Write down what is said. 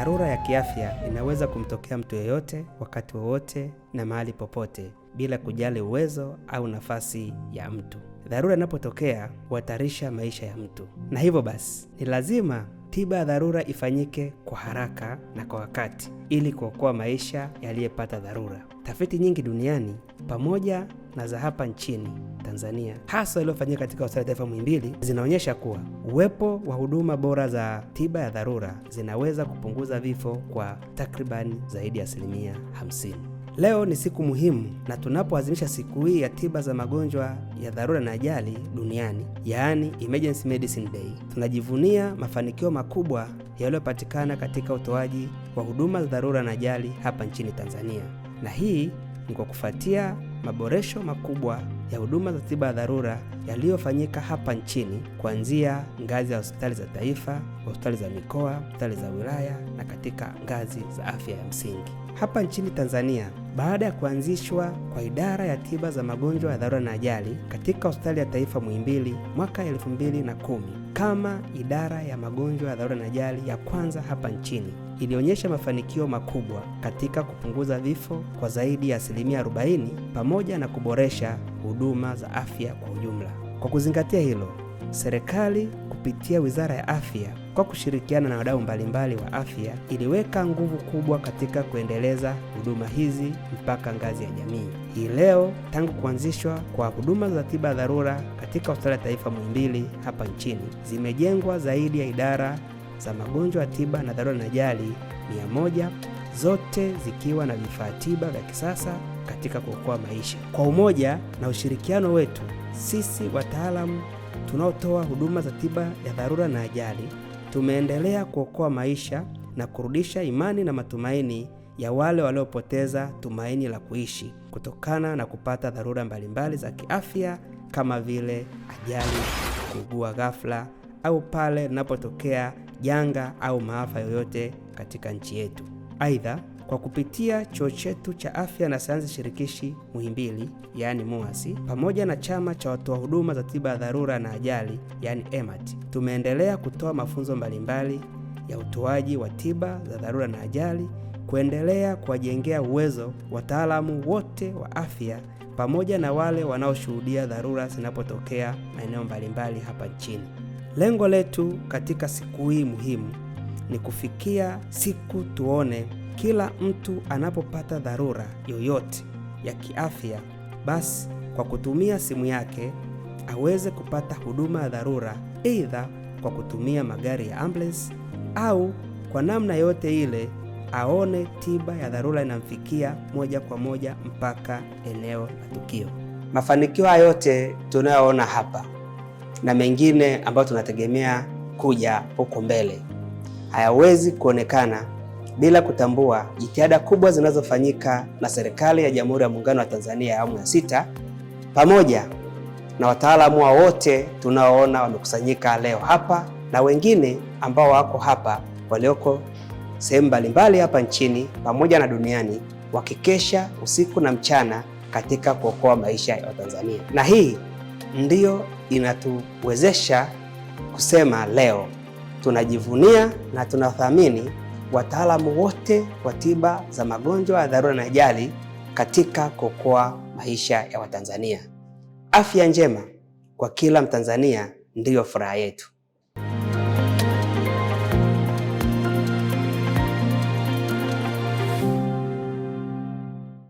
Dharura ya kiafya inaweza kumtokea mtu yeyote wakati wowote na mahali popote bila kujali uwezo au nafasi ya mtu. Dharura inapotokea huhatarisha maisha ya mtu, na hivyo basi ni lazima tiba ya dharura ifanyike kwa haraka na kwa wakati ili kuokoa maisha yaliyepata dharura. Tafiti nyingi duniani pamoja na za hapa nchini Tanzania hasa iliyofanyika katika hospitali taifa Muhimbili zinaonyesha kuwa uwepo wa huduma bora za tiba ya dharura zinaweza kupunguza vifo kwa takribani zaidi ya asilimia 50. Leo ni siku muhimu na tunapoadhimisha siku hii ya tiba za magonjwa ya dharura na ajali duniani, yaani Emergency Medicine Day, tunajivunia mafanikio makubwa yaliyopatikana katika utoaji wa huduma za dharura na ajali hapa nchini Tanzania, na hii ni kwa kufuatia maboresho makubwa ya huduma za tiba ya dharura yaliyofanyika hapa nchini kuanzia ngazi ya hospitali za taifa, hospitali za mikoa, hospitali za wilaya na katika ngazi za afya ya msingi. Hapa nchini Tanzania, baada ya kuanzishwa kwa idara ya tiba za magonjwa ya dharura na ajali katika hospitali ya taifa Muhimbili mwaka 2010 kama idara ya magonjwa ya dharura na ajali ya kwanza hapa nchini ilionyesha mafanikio makubwa katika kupunguza vifo kwa zaidi ya asilimia 40 pamoja na kuboresha huduma za afya kwa ujumla. Kwa kuzingatia hilo Serikali kupitia Wizara ya Afya kwa kushirikiana na wadau mbalimbali wa afya iliweka nguvu kubwa katika kuendeleza huduma hizi mpaka ngazi ya jamii. Hii leo, tangu kuanzishwa kwa huduma za tiba dharura katika Hospitali ya Taifa Muhimbili hapa nchini, zimejengwa zaidi ya idara za magonjwa ya tiba na dharura na ajali 1 zote zikiwa na vifaa tiba vya kisasa katika kuokoa maisha. Kwa umoja na ushirikiano wetu sisi wataalamu tunaotoa huduma za tiba ya dharura na ajali, tumeendelea kuokoa maisha na kurudisha imani na matumaini ya wale waliopoteza tumaini la kuishi kutokana na kupata dharura mbalimbali za kiafya kama vile ajali, kuugua ghafla au pale linapotokea janga au maafa yoyote katika nchi yetu. Aidha, kwa kupitia chuo chetu cha afya na sayansi shirikishi Muhimbili yaani MUHAS pamoja na chama cha watoa huduma za tiba ya dharura na ajali yaani EMAT tumeendelea kutoa mafunzo mbalimbali ya utoaji wa tiba za dharura na ajali kuendelea kuwajengea uwezo wataalamu wote wa afya pamoja na wale wanaoshuhudia dharura zinapotokea maeneo mbalimbali hapa nchini. Lengo letu katika siku hii muhimu ni kufikia siku tuone kila mtu anapopata dharura yoyote ya kiafya, basi kwa kutumia simu yake aweze kupata huduma ya dharura, aidha kwa kutumia magari ya ambulance au kwa namna yote ile aone tiba ya dharura inamfikia moja kwa moja mpaka eneo la tukio. Mafanikio haya yote tunayoona hapa na mengine ambayo tunategemea kuja huko mbele hayawezi kuonekana bila kutambua jitihada kubwa zinazofanyika na serikali ya Jamhuri ya Muungano wa Tanzania ya awamu ya sita pamoja na wataalamu wote tunaoona wamekusanyika leo hapa na wengine ambao wako hapa walioko sehemu mbalimbali hapa nchini pamoja na duniani wakikesha usiku na mchana katika kuokoa maisha ya Tanzania. Na hii ndiyo inatuwezesha kusema leo tunajivunia na tunathamini wataalamu wote wa tiba za magonjwa ya dharura na ajali katika kuokoa maisha ya Watanzania. Afya njema kwa kila Mtanzania ndiyo furaha yetu.